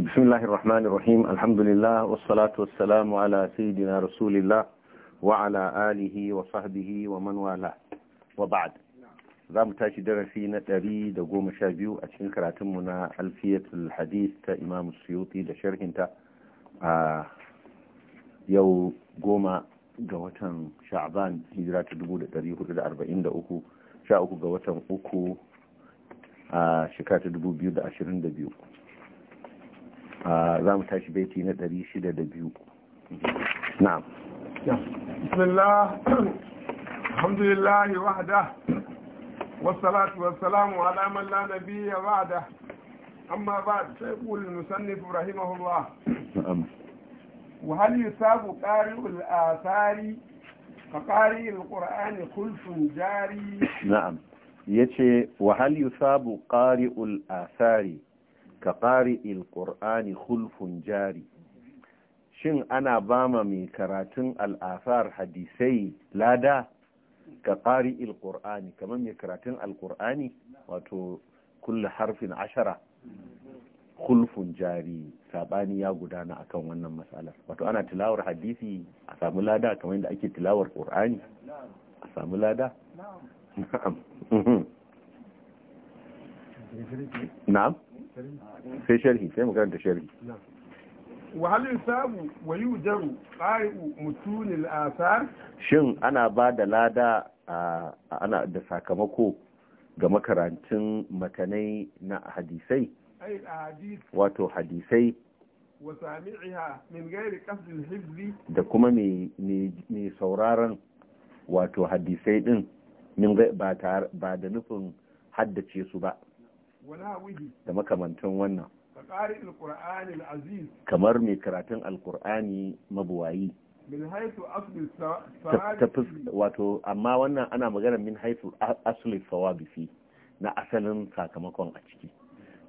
بسم الله الرحمن الرحيم الحمد لله والصلاة والسلام على سيدنا رسول الله وعلى آله وصحبه ومن wa وبعد za mu tashi darasi na ɗari da goma sha biyu a cikin karatunmu na alfiyatul hadith ta imam suyuti da sharhinta a yau goma ga watan sha'ban hijira ta dubu da ɗari hudu da arba'in da uku sha uku ga watan uku a shekara ta dubu biyu da ashirin da biyu بيتي آه، mu tashi baiti نعم بسم الله الحمد لله وحده والصلاة والسلام على من لا نبي بعده أما بعد فيقول المسنف رحمه الله نعم وهل يصاب قارئ الآثار فقارئ القرآن خلف جاري نعم يتي وهل يصاب قارئ الآثار ka ƙari ilƙur'ani hulfun jari shin ana bama mai karatun al'asar hadisai lada ka ƙari ilƙur'ani kamar mai karatun alƙur'ani wato kulle harfin ashara hulfun jari sabani ya gudana akan wannan matsalar wato ana tilawar hadisi a samu lada kamar yadda ake tilawar ƙur'ani a samu lada sai sharhi sai mu karanta sharhi wa hal yusabu wa yujaru qari'u mutunil asar shin ana ba da lada ana da sakamako ga makarantun matanai na hadisai wato hadisai da kuma mai sauraron wato hadisai din ba da nufin haddace su ba da makamantan wannan kamar mai karatun alkur'ani mabuwayi wato amma wannan ana magana min haifu asli sawabi na asalin sakamakon a ciki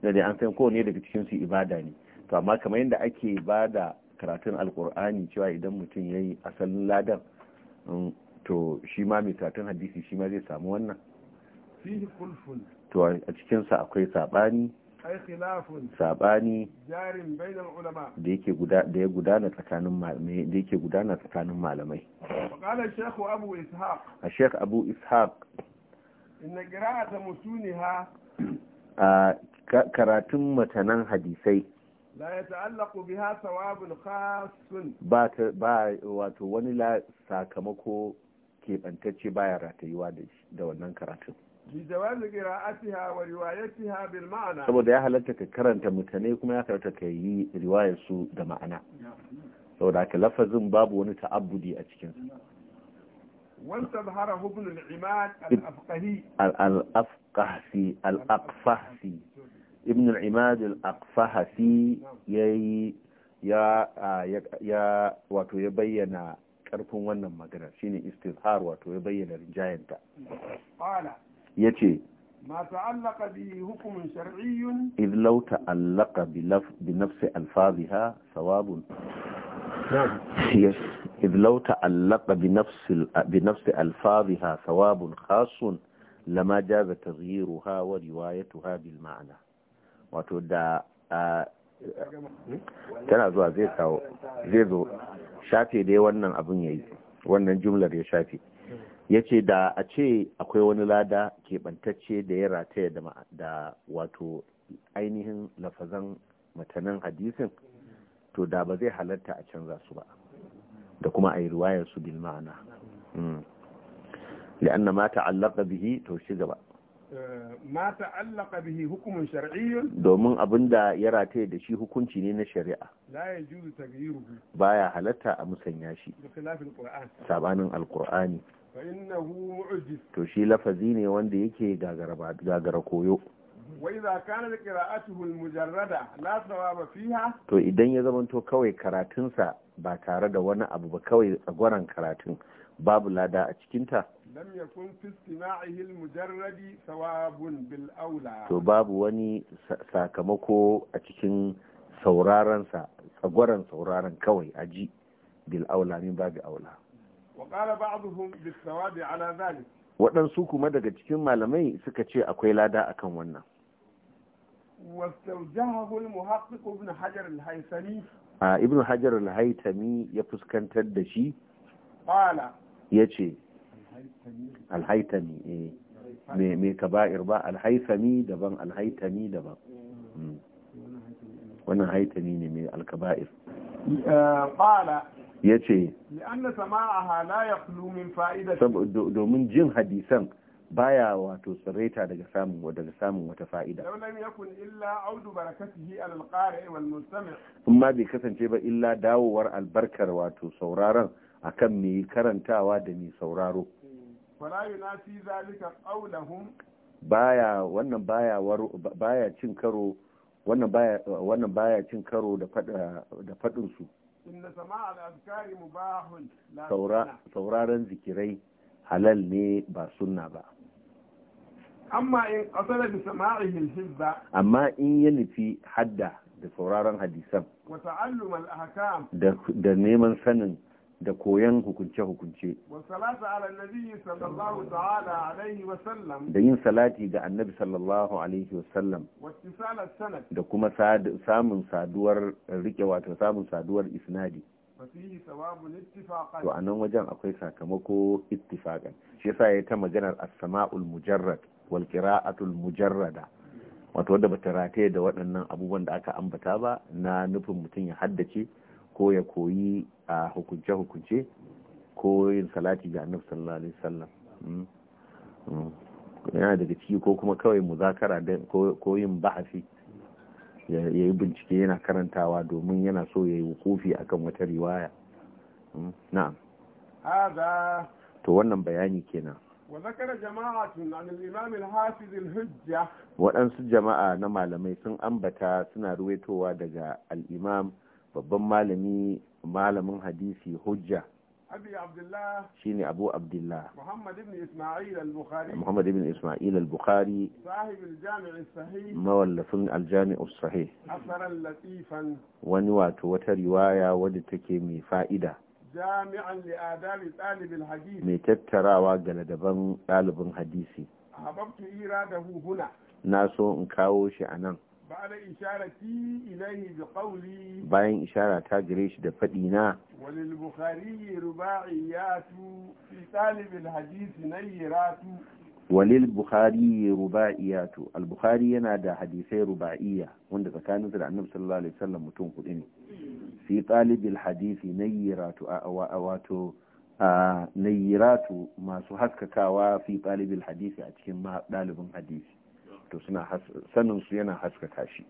da dai an san kowane daga cikin su ibada ne to amma kamar yadda ake ba da karatun alkur'ani cewa idan mutum ya yi asalin ladan mm, to shi ma mai karatun hadisi shi ma zai samu wannan to a cikin sa akwai saɓani saɓani da yake guda da ya gudana tsakanin malamai da yake gudana tsakanin malamai a sheikh abu ishaq inna qira'ata musuniha a karatun matanan hadisai la yata'allaqu biha thawabun khassun ba ba wato wani la sakamako ke bantacce baya ratayuwa da wannan karatun saboda ya halatta ka karanta mutane kuma ya karata ka yi riwayar su da ma'ana saboda haka lafazin babu wani ta'abbudi a cikin واستظهره ابن العماد الأفقهي al الأقفهسي ابن العماد الأقفهسي يي ya يا ya bayyana wannan magana shine istizhar wato ya bayyana rinjayenta yace ما تعلق به حكم شرعي إذ لو تعلق بنفس ألفاظها ثواب yes. إذ لو تعلق بنفس بنفس ألفاظها ثواب خاص لما جاز تغييرها وروايتها بالمعنى وتدعى tana zuwa zai kawo zai zo shafe dai wannan abin yayi wannan jumlar ya shafe ya ce da a ce akwai wani lada keɓantacce da ya rataya da wato ainihin lafazan matanan hadisin to da ba zai halatta a canza su ba da kuma a yi riwayar su bil ma'ana hmm. li'anna mata allaka bihi to shi gaba eh, mata allaka bihi hukumin shar'iyyun domin da ya rataye da shi hukunci ne na shari'a Ba ya baya halatta a musanya shi sabanin alkur'ani to shi lafazi ne wanda yake gagara koyo Wai to idan ya zamanto kawai karatunsa ba tare da wani abu ba kawai tsagoran karatun babu lada a cikinta lam yakun fi istima'ihi al-mujarradi thawabun bil aula to babu wani sakamako a cikin sauraron sa tsagoran sauraron kawai ji bil aula min babu aula waɗansu kuma daga cikin malamai suka ce akwai lada akan wannan a ibn hajar al-haitami ya fuskantar da shi ya ce al-haitami mai kaba'ir ba al-haitami daban al-haitami daban wannan haitami ne mai al-kaba'ir ya ce domin jin hadisan baya wato tsireta daga samun daga samun wata fa'ida in ma bai kasance ba illa dawowar albarkar wato sauraron kan mai karantawa da mai sauraro baya wannan baya baya cin karo wannan baya wannan cin karo da fada su sauraron zikirai halal ne ba sunna ba amma in qasada bi sama'ihi al-hizba amma in ya nufi hadda da sauraron hadisan da neman sanin da koyon hukunce-hukunce da yin salati ga annabi sallallahu alaihi wasallam da kuma samun saduwar rike wato samun saduwar isnadi to a nan wajen akwai sakamako ittifaqan shi yasa ya ta maganar as-sama'ul mujarrad wal qira'atul mujarrada wato wadda bata rataye da waɗannan abubuwan da aka ambata ba na nufin mutum ya haddace ko ya koyi a hukunce-hukunce ko yin salati ga annabi sallallahu alaihi wasallam hmm? Hmm. yana daga ciki ko kuma kawai muzakara ko yin bahasi ya yi bincike yana karantawa domin yana so ya yi wukufi akan wata riwaya hmm? na'am to wannan bayani kenan وذكر جماعة عن الإمام الحافظ الحجة وأنس جماعة نما لمي سن أنبتا سنة رويتوا دقا الإمام babban malami malamin hadisi hujja shine abu abdullah muhammad ibn isma'il al-bukhari mawallafin aljami'u sahih wani wato wata riwaya wadda take mai fa'ida mai tattarawa ga ladaban ɗalibin hadisi na so in kawo shi a nan ba'da isharati ilayhi bi qawli bayan ishara ta gare shi da fadi na walil bukhari ruba'iyatu fi talib al hadith nayratu walil bukhari ruba'iyatu al bukhari yana da hadisai ruba'iyya wanda tsakaninsa da annabi sallallahu alaihi wasallam mutum kudi ne fi talibil hadisi nayyiratu wato nayyiratu masu haskakawa fi talibil hadisi a cikin dalibin hadisi wato suna sanin su yana haskaka shi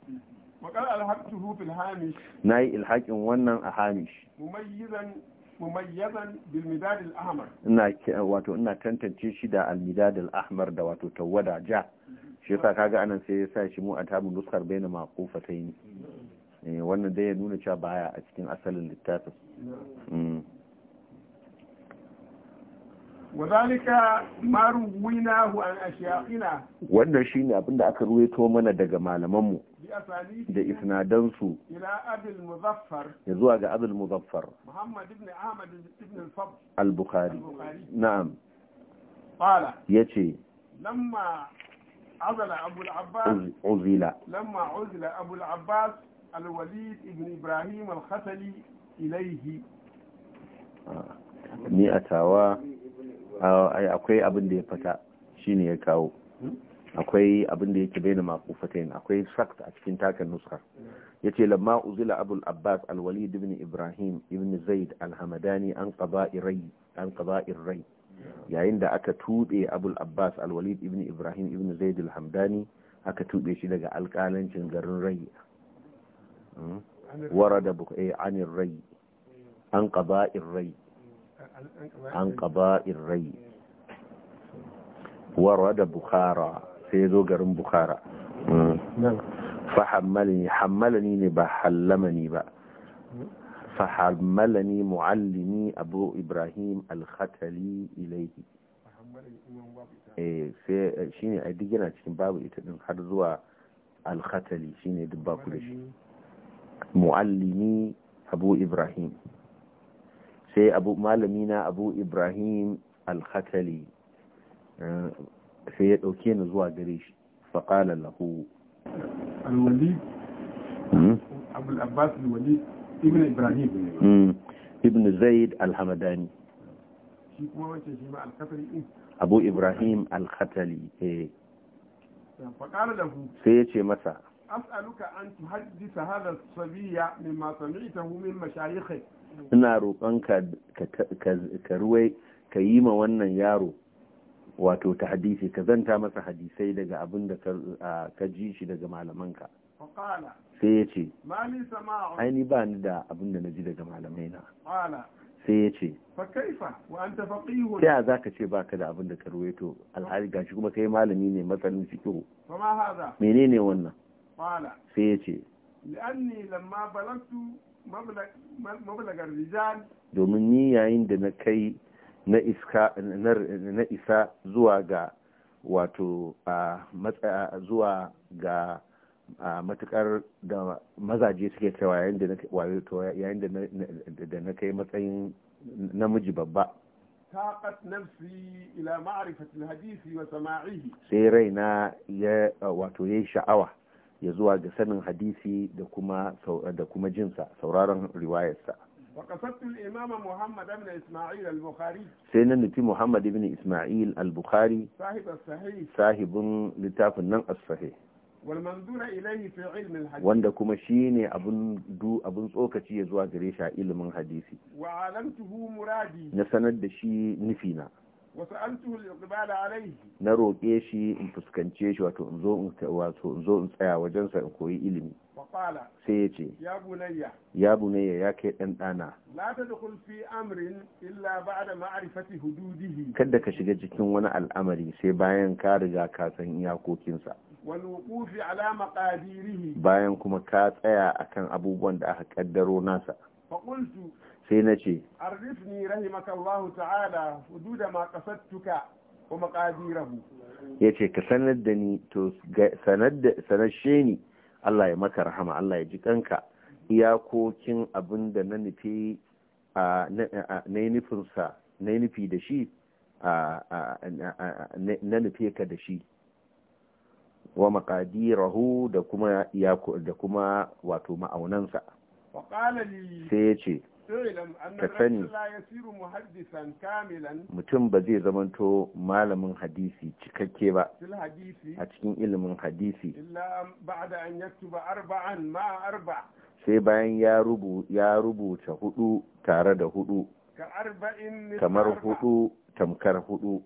maqal alhaqtuhu hamish nayi wannan a hamish mumayyizan mumayyizan bil midad al ahmar ina wato ina tantance shi da al midad al ahmar da wato tawada ja shi yasa kaga anan sai ya sa shi mu a tabu nuskar baina maqufatayn eh wannan dai ya nuna cewa baya a cikin asalin littafin mm. wannan shi ne abinda aka ruwe to mana daga malamanmu da isnadansu ya zuwa ga abin muzaffar al-bukhari na'am ya ce uzila abu al-abbas al-walid ibn ibrahim al-khatali ilaihi ni a tawa akwai abin da ya fata shine ya kawo akwai abin da yake bai da makufatain akwai sakt a cikin takan nuskar ya ce lamma uzila abul abbas alwalid ibn ibrahim ibn zaid alhamadani an qaba'ir rai yayin da aka tuɓe abul abbas alwalid ibn ibrahim ibn zaid alhamdani aka tuɓe shi daga alƙalancin garin rai hmm? warada bukai anir eh, rai an qaba'ir rai an ƙaba'in irrai. warwa da bukhara sai zo garin bukhara fahammalani hammalani ne ba hallamani ba fahammalani mu'allimi abu ibrahim al-khatali ilaihi sai shi ne a duk cikin babu ita din har zuwa al-khatali shi ne duk baku da shi mu'allimi abu ibrahim sai abu malami na abu ibrahim al-khatali eh, sai ya dauke ni zuwa gare shi faƙalar lahu al-wali hmm? abul abbas al-wali ibn ibrahim hmm. ibn zaid al-hamadani shi kuma wace shi al-khatali abu ibrahim al-khatali eh. sai ya ce masa as'aluka an tuhaddisa hadha sabiya mimma sami'tahu min mashayikhi ina roƙonka ka ruwai ka yi ma wannan yaro wato ta hadisi ka zanta masa hadisai daga abin da ka ji shi daga malamanka sai ya ce aini ba ni da abin da na ji daga malamai na sai ya ce ta za ka ce baka da abin da ka ruwaito alhali gashi kuma kai malami ne matsalin fikihu menene wannan sai ya ce domin ni yayin da na kai na isa zuwa ga wato zuwa ga matukar da mazaje suke cewa yayin da na kai matsayin namiji babba ساقت نفسي إلى معرفة sai وسماعه سيرينا wato واتوي sha'awa. ya zuwa ga sanin hadisi da kuma da kuma jinsa sauraron riwayarsa sai na nufi muhammad ibn isma'il al-bukhari sahibin littafin nan as-sahih wanda kuma shi ne abin tsokaci ya zuwa gare shi a ilimin hadisi na sanar da shi nufina na roƙe shi in fuskance shi wato in zo in zo in tsaya wajensa in koyi ilimi sai ya ce ya bunayya ya kai ɗan ɗana kada ka shiga jikin wani al'amari sai bayan ka riga ka san iyakokinsa bayan kuma ka tsaya akan abubuwan da aka kaddaro nasa sai na ce arifni rahimakallahu ta'ala hududa ma kasattuka wa maqadirahu yace ka sanar da ni to sanar da sanashe ni Allah ya maka rahama Allah ya ji kanka iyakokin abin da na nufi na yi nufinsa na yi nufi da shi na nufi ka da shi wa maƙadirahu da kuma wato ma'aunansa sai ya ce ka sani mutum ba zai zamanto malamin hadisi cikakke ba a cikin ilimin hadisi sai bayan ya rubuta hudu tare da hudu kamar hudu tamkar hudu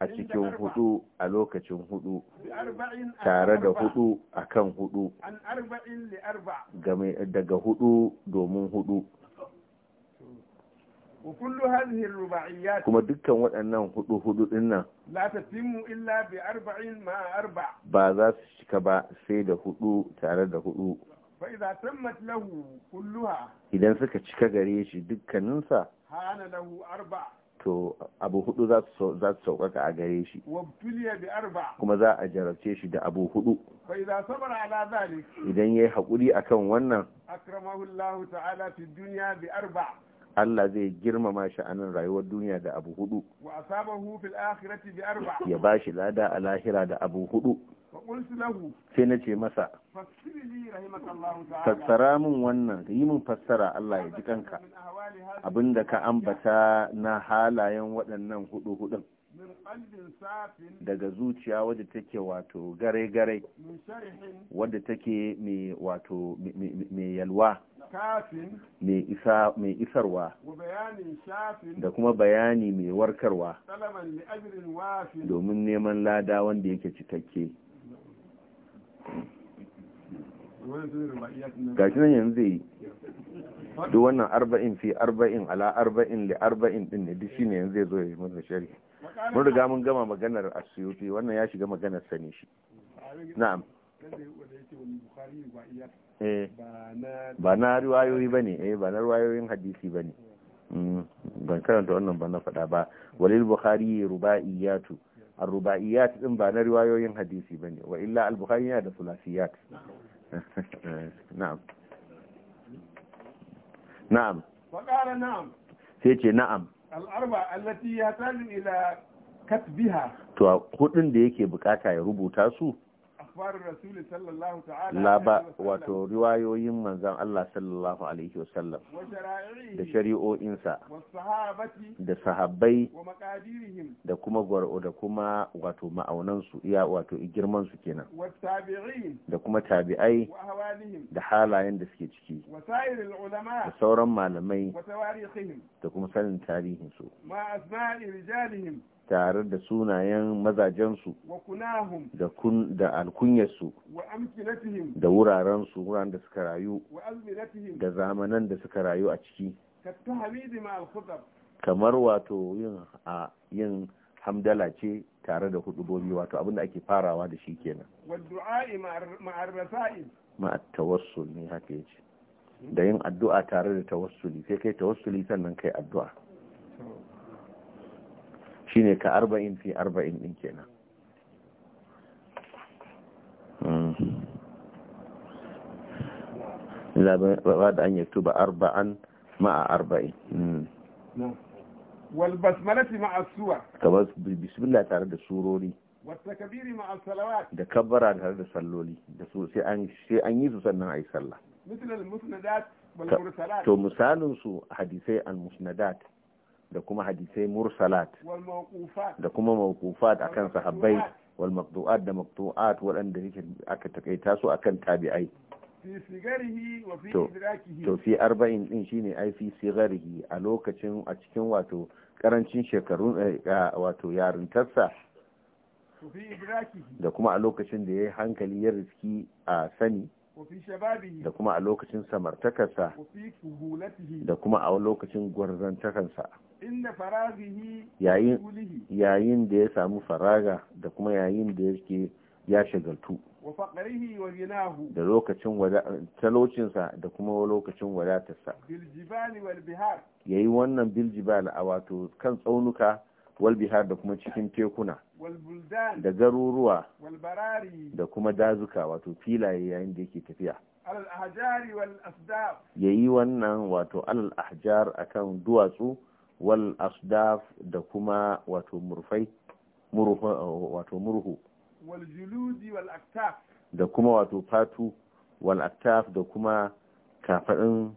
a cikin hudu a lokacin hudu tare da hudu a kan hudu daga hudu domin hudu kuma dukkan waɗannan hudu hudu dinnan ba za su cika ba sai da hudu tare da hudu idan suka cika gare shi dukkaninsa to abu hudu za su sauƙaƙa a gare shi kuma za a jarabce shi da abu hudu idan ya yi haƙuri a kan wannan Allah zai girmama shi a nan rayuwar duniya da abu hudu ya ba shi lada a lahira da abu hudu sai na ce masa fassara min wannan yi min fassara Allah ya ji kanka abinda ka ambata na halayen waɗannan hudu hudun daga zuciya wadda take wato gare-gare wadda take mai wato mai yalwa mai isarwa da kuma bayani mai warkarwa domin neman lada wanda yake cikakke shi nan yanzu yi duk wannan arba'in fi arba'in ala arba'in li arba'in din ne duk shine yanzu zai zo ya yi mana shari mun riga mun gama maganar asiyuti wannan ya shiga maganar sani shi na'am eh, ba na riwayoyi ba ne eh ba na riwayoyin hadisi ba ne hmm, ban karanta wannan ba na faɗa ba walil bukhari rubaiyatu الرباعيات إن بان رواية حديثي بني وإلا البخاري هذا ثلاثيات نعم نعم فقال نعم سيتي نعم الأربع التي يحتاج إلى كتبها تو خدن da yake bukata ya rubuta akhbarur sallallahu ta'ala ba wato riwayoyin manzan Allah sallallahu alaihi wasallam da shari'o'insa da sahabbai da kuma gwaro da kuma wato ma'aunan su iya wato girman su kenan da kuma tabi'ai da halayen da suke ciki da sauran malamai da kuma sanin tarihin su tare da sunayen mazajensu da da alkunyarsu da wurarensu wuraren da suka rayu da zamanan da suka rayu a ciki kamar wato yin a yin hamdala ce tare da hudubobi wato abin da ake farawa da shi kenan ma'ar tawassul ne haka yace da yin addu'a tare da tawassuli sai kai tawassuli sannan kai addu'a Shi ne ka arba'in fi arba'in ɗin kenan hmm. ba da an yi tuba arba'an ma'a arba'in hmm. basmalati ma'a suwa kamar bismillah tare da surori da kabbara tare da salloli da su sai an yi su sannan ayi sallah to misalin su hadisai al-musnadat da kuma hadisai mursalat da kuma mawqufat akan sahabbai wal maqtu'at da maqtu'at waɗanda yake aka takaita su akan tabi'ai to fi arba'in din shine ai fi sigarihi a lokacin a cikin wato karancin shekarun eh, wato yarintarsa da kuma a lokacin da ya yi hankali ya riski a sani da kuma a lokacin samartakarsa da kuma a lokacin gwarzantakarsa yayin da ya samu faraga da kuma yayin da yake ya shagaltu da lokacin talocinsa da kuma lokacin wadatarsa ya yi wannan biljibal a wato kan tsaunuka walbihar da kuma cikin tekuna da garuruwa da kuma dazuka wato filaye yayin da yake tafiya ya yi wannan wato alal ahjar akan duwatsu wal asdaf da kuma wato murfai wato murhu da kuma wato fatu wal aktaf da kuma kafadin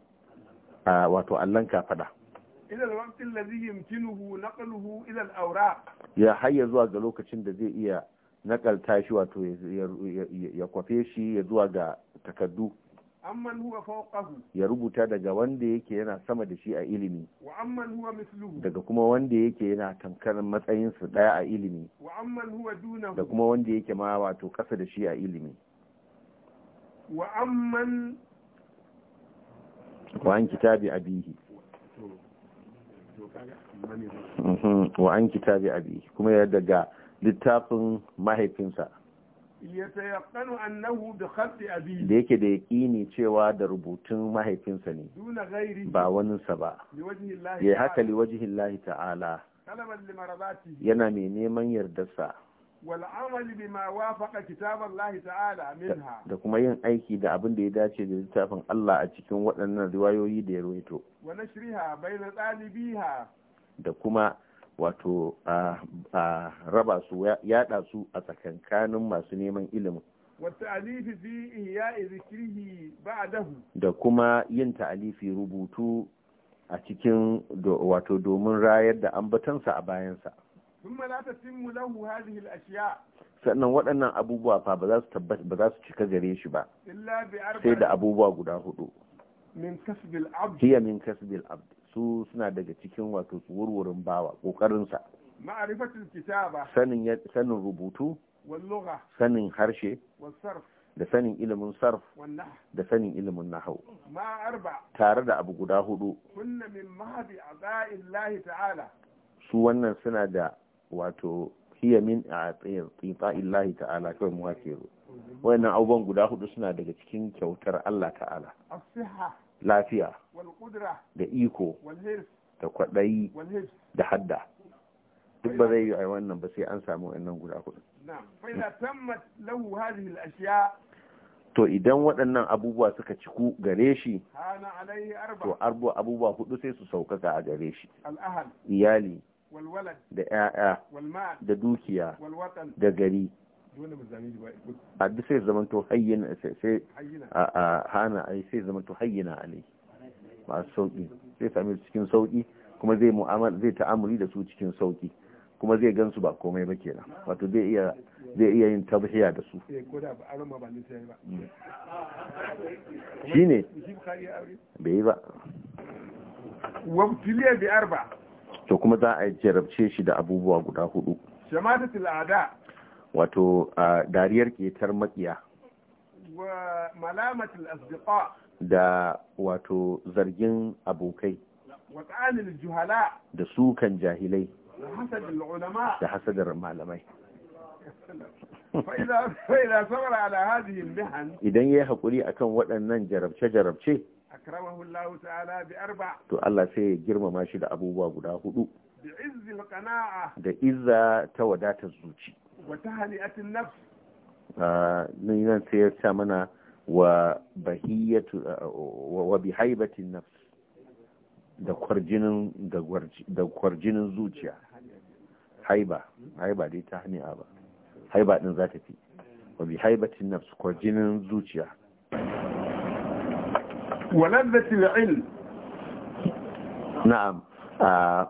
wato allan kafada ila alwaqti alladhi yumkinuhu naqluhu ila al-awraq ya hayya zuwa ga lokacin da zai iya nakalta shi wato ya kwafe shi ya zuwa ga takaddu amman huwa fawqahu ya rubuta daga wanda yake yana sama da shi a ilimi wa amman huwa mithluhu daga kuma wanda yake yana tankar matsayin su daya a ilimi wa amman huwa dunahu da kuma wanda yake ma wato kasa da shi a ilimi wa amman wa an kitabi abihi wa an kitabi abi kuma ya daga littafin mahaifinsa da yake da yaƙini cewa da rubutun mahaifinsa ne ba sa ba ya haka liwajihin lahi ta'ala yana mai neman yardarsa والعمل بما وافق كتاب kitaballahi ta'ala منها da kuma yin aiki da abin da ya dace da littafin Allah a cikin waɗannan riwayoyi da ya rawaito wa nashriha bayna talibiha da kuma wato a raba su yada su a tsakankanin masu neman ilimin wata'alifi fi ihya'i zikrihi ba'dahu da kuma yin ta'alifi rubutu a cikin wato domin rayar da ambatansa a bayansa thumma la tatimmu lahu hadhihi al-ashya sannan waɗannan abubuwa fa ba za su tabbata ba za su cika gare shi ba sai da abubuwa guda hudu min kasbil abd hiya min kasbil abd su suna daga cikin wato tsuwurwurin bawa kokarin sa ma'rifatul kitaba sanin sanin rubutu wal lugha sanin harshe wal sarf da sanin ilimin sarf da sanin ilimin ma arba tare da abu guda hudu min ta'ala su wannan suna da wato hiya min a illahi ta'ala kawai mu ru wayannan abubuwan guda hudu suna daga cikin kyautar Allah ta'ala lafiya da iko da kwaɗayi da hadda duk ba zai yi a wannan ba sai an samu wannan guda hudu to idan waɗannan abubuwa suka ciku gare shi to arbo abubuwa hudu sai su sauka a gare shi iyali da 'ya'ya da dukiya da gari a duk sai zama to hayyana sai a hana ai sai zama to hayyana ne masu sauƙi sai sami cikin sauƙi. kuma zai mu'amala zai ta'amuli da su cikin sauƙi. kuma zai gansu ba komai ba kenan wato zai iya zai iya yin tabhiya da su eh, mm. shine bai yi ba wabtiliya bi arba to kuma za a jarabce shi da abubuwa guda hudu shamatatul ada wato dariyar ketar makiya wa malamatul asdiqa da wato zargin abokai wa ta'anil juhala da sukan jahilai da hasadar malamai idan ya yi haƙuri akan waɗannan jarabce-jarabce akramahu Allah ta'ala bi arba to Allah sai ya girmama shi da abubuwa guda hudu bi izzil qana'a da izza ta wadatar zuci wa tahni'atin nafs nan sai ya ta mana wa bahiyatu wa bihaibatin nafs da kwarjinin da kwarjinin zuciya haiba haiba dai ta hani'a ba haiba din za ta fi wa haibatin nafs kwarjinin zuciya walazzatil ilm na'am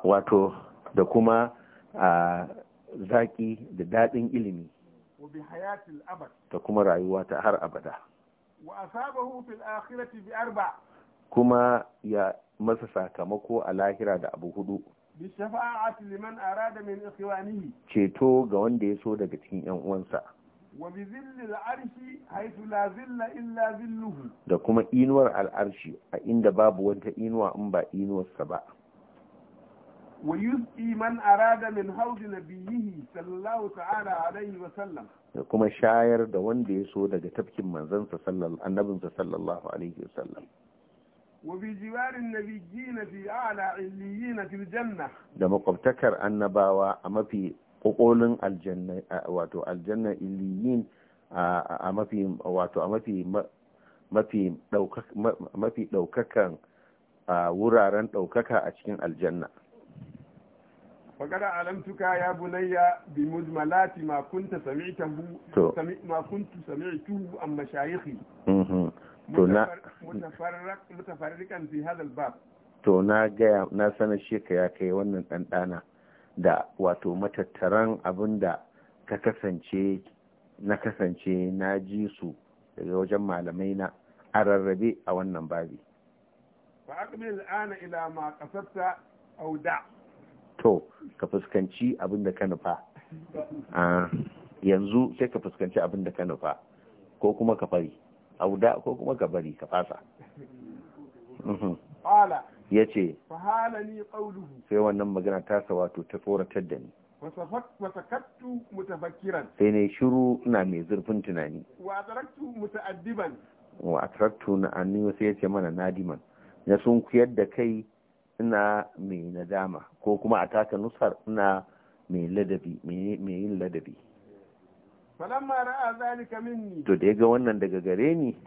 wato da kuma zaki da dadin ilimi da kuma rayuwa ta har abada kuma ya masa sakamako a lahira da abu hudu ceto ga wanda ya so daga cikin 'yan uwansa da kuma inuwar al'arshi a inda babu wata inuwa in ba inuwarsa ba wa yuz'i man arada min hawdi nabiyhi sallallahu ta'ala wa sallam da kuma shayar da wanda ya so daga tafkin manzansa sallallahu annabinsa sallallahu alaihi wa sallam wa bi jiwarin nabiyyin fi a'la illiyyin fil janna da makwabtakar annabawa a mafi kokolin aljanna wato aljanna illiyin a mafi wato a mafi mafi daukaka mafi daukakan wuraren daukaka a cikin aljanna faqara alamtuka ya bunayya bi mujmalati ma kunta sami'tahu ma kuntu sami'tuhu am mashayikhi mhm. to na mutafarrak mutafarrikan fi hadha bab to na ga na sanar shi ya kai wannan dan dana da wato matattaran abin da ka kasance na kasance na ji su daga wajen malamai na a rarrabe a wannan babi Ba a ma to ka fuskanci abin da ka nufa yanzu sai ka fuskanci abin da ka nufa ko kuma ka bari auda ko kuma ka bari ka fasa ya ce sai wannan magana tasa wato ta tsoratar da ni wasakattu mutafakkiran sai ne shiru ina mai zurfin tunani wa ataraktu muta'addiban wa ataraktu na sai ya ce mana nadiman na sun kuyar da kai ina mai nadama ko kuma a taka nusar ina mai ladabi mai yin ladabi to da ya ga wannan daga gare ni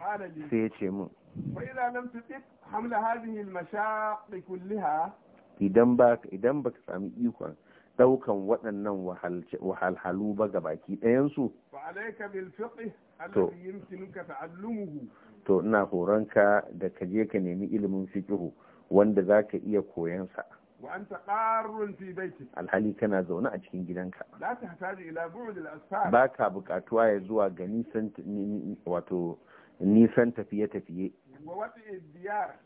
sai ya ce min فإذا لم تطيق حمل هذه المشاق كلها idan ba idan baka sami ikon daukan waɗannan wahalhalu ba ga baki ɗayansu to to ina horonka da ka je ka nemi ilimin fiqihu wanda za ka iya koyansa alhali kana zaune a cikin gidanka ba ka buƙatuwa ya zuwa ga nisan tafiye-tafiye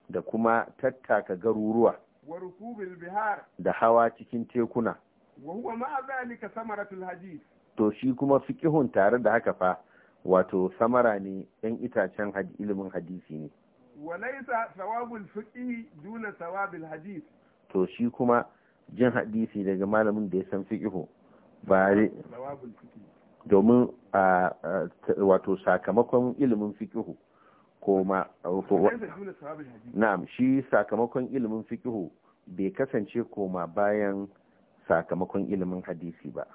da kuma tattaka garuruwa da hawa cikin tekuna to shi kuma fikihun tare da haka fa wato samara ne yan itacen ilimin hadisi ne walaisa sawabul fiqhi duna sawabil hadis to shi kuma jin hadisi daga malamin da ya san fiqhu ba domin wato sakamakon ilimin fiqhu koma na'am shi sakamakon ilimin fikihu bai kasance koma bayan sakamakon ilimin hadisi ba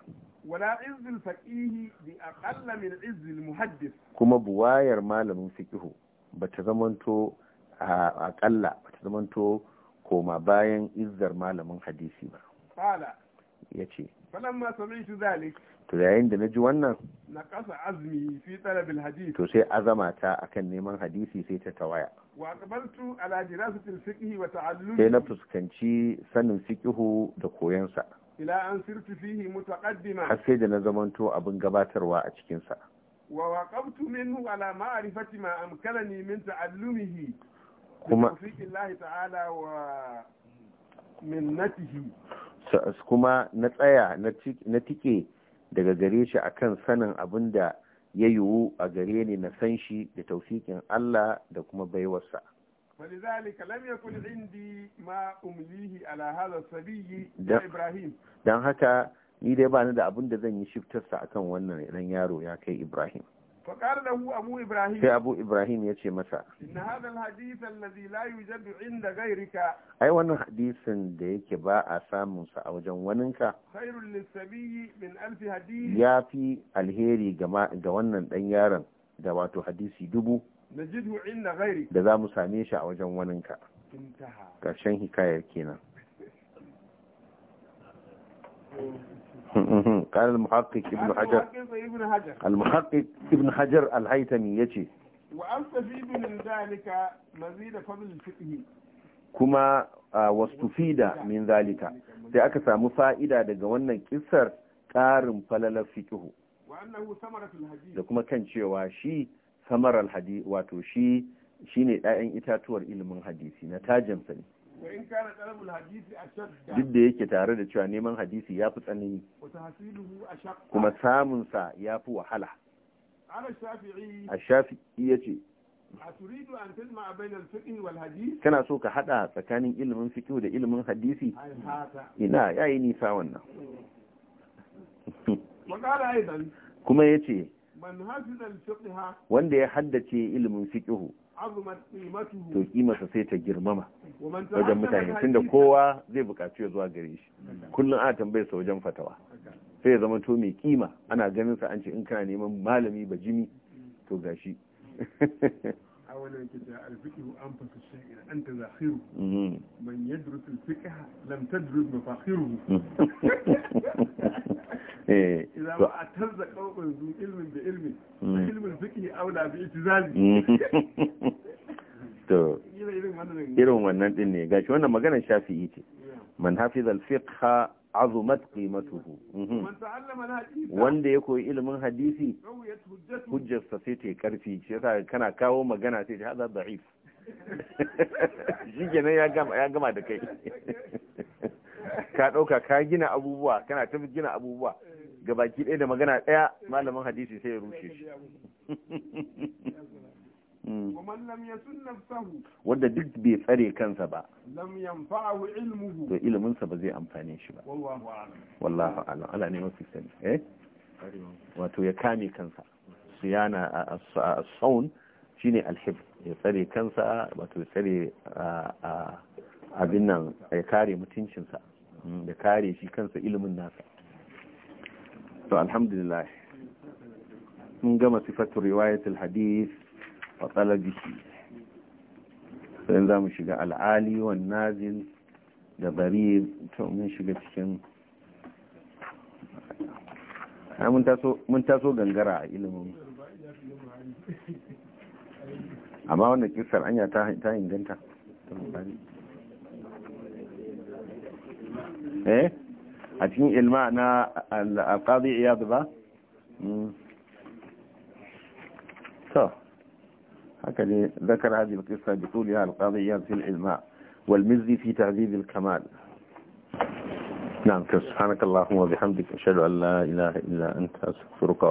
wala izzil faqihi bi aqalla min izin muhaddis kuma buwayar malamin fikihu bata zamanto a ba bata zamanto koma bayan izzar malamin hadisi ba qala yace to yayin da na ji wannan na kasa azumi fi talabil hadith to sai azama ta akan neman hadisi sai ta tawaya wa qabaltu ala dirasatil fiqh wa ta'allumi sai na fuskanci sanin fiqhu da koyon sa ila an sirtu fihi mutaqaddima har sai da na zamanto abin gabatarwa a cikin sa wa waqaftu minhu ala ma'rifati ma amkalani min ta'allumihi kuma fiqillahi ta'ala wa minnatihi kuma na tsaya na tike daga gare shi akan sanin abin da ya yiwu a gare ni na san shi da tausikin Allah da kuma baiwarsa. Don haka ni dai ba ni da abin da zan yi shiftarsa akan wannan ran yaro ya kai Ibrahim. sai abu ibrahim ya ce masa. ina haɗin hadisan lazila yu ja du inda ai wani hadisin da yake ba a samun su a wajen waninka ya fi alheri ga wannan ɗan yaron da wato hadisi dubu da za mu same shi a wajen waninka karshen hikayar kenan. قال المحقق ابن حجر المحقق ابن حجر الهيثمي يجي وأستفي من ذلك مزيد فضل sai aka samu fa'ida daga wannan kissar ƙarin falalar fikihu da kuma kan cewa shi samarar hadisi wato shi shine ɗayan itatuwar ilimin hadisi na tajinsa ne duk da yake tare da cewa neman hadisi ya fi tsanani kuma samunsa ya fi wahala a shafi iya ce kana so ka hada tsakanin ilimin fikihu da ilimin hadisi ina yayi nisa wannan kuma ya ce wanda ya haddace ilimin fikihu to kimarsa sai ta girmama wajen mutane tunda kowa zai bukaci ya zuwa gare shi kullum ana tambaye sa wajen fatawa sai ya zama to mai kima ana ganin sa an ce in kana neman malami bajimi to gashi wannan yake da alfiki an fasa shay'in anta zakhiru mm-hmm. man yadrus alfiqh lam tadrus ma eh, atarza wannan din ne gashi wannan maganar shafi'i ce man hafiz al fiqh azumat qimatuhu mhm. wanda ya koyi ilimin hadisi hujjarsa sai ta karfi shi yasa kana kawo magana sai ta hada da'if shi kenan ya gama ya gama da kai ka dauka ka gina abubuwa kana ta gina abubuwa gabaki ɗaya da magana ɗaya malamin hadisi sai ya rushe shi Mm. Wadda duk bai tsare kansa ba to iliminsa ba zai amfane shi ba wallahu alam ala ne wasu sani eh wato ya kame kansa su yana a saun shine alhib ya tsare kansa wato ya tsare abin nan ya kare mutuncinsa mm, ya kare shi kansa ilimin nasa to alhamdulillah mun gama sifatul riwayatul hadith wa jiki, sai za mu shiga al'ali wa nazil da bari to mun shiga cikin mun taso gangara a ilimin amma wannan kisar anya ta inganta eh a cikin ilma na al-qadi iyad ba? so hmm. هكذا ذكر هذه القصة بطولها القاضي في العلماء والمزي في تعذيب الكمال نعم سبحانك اللهم وبحمدك أشهد أن لا إله إلا أنت أستغفرك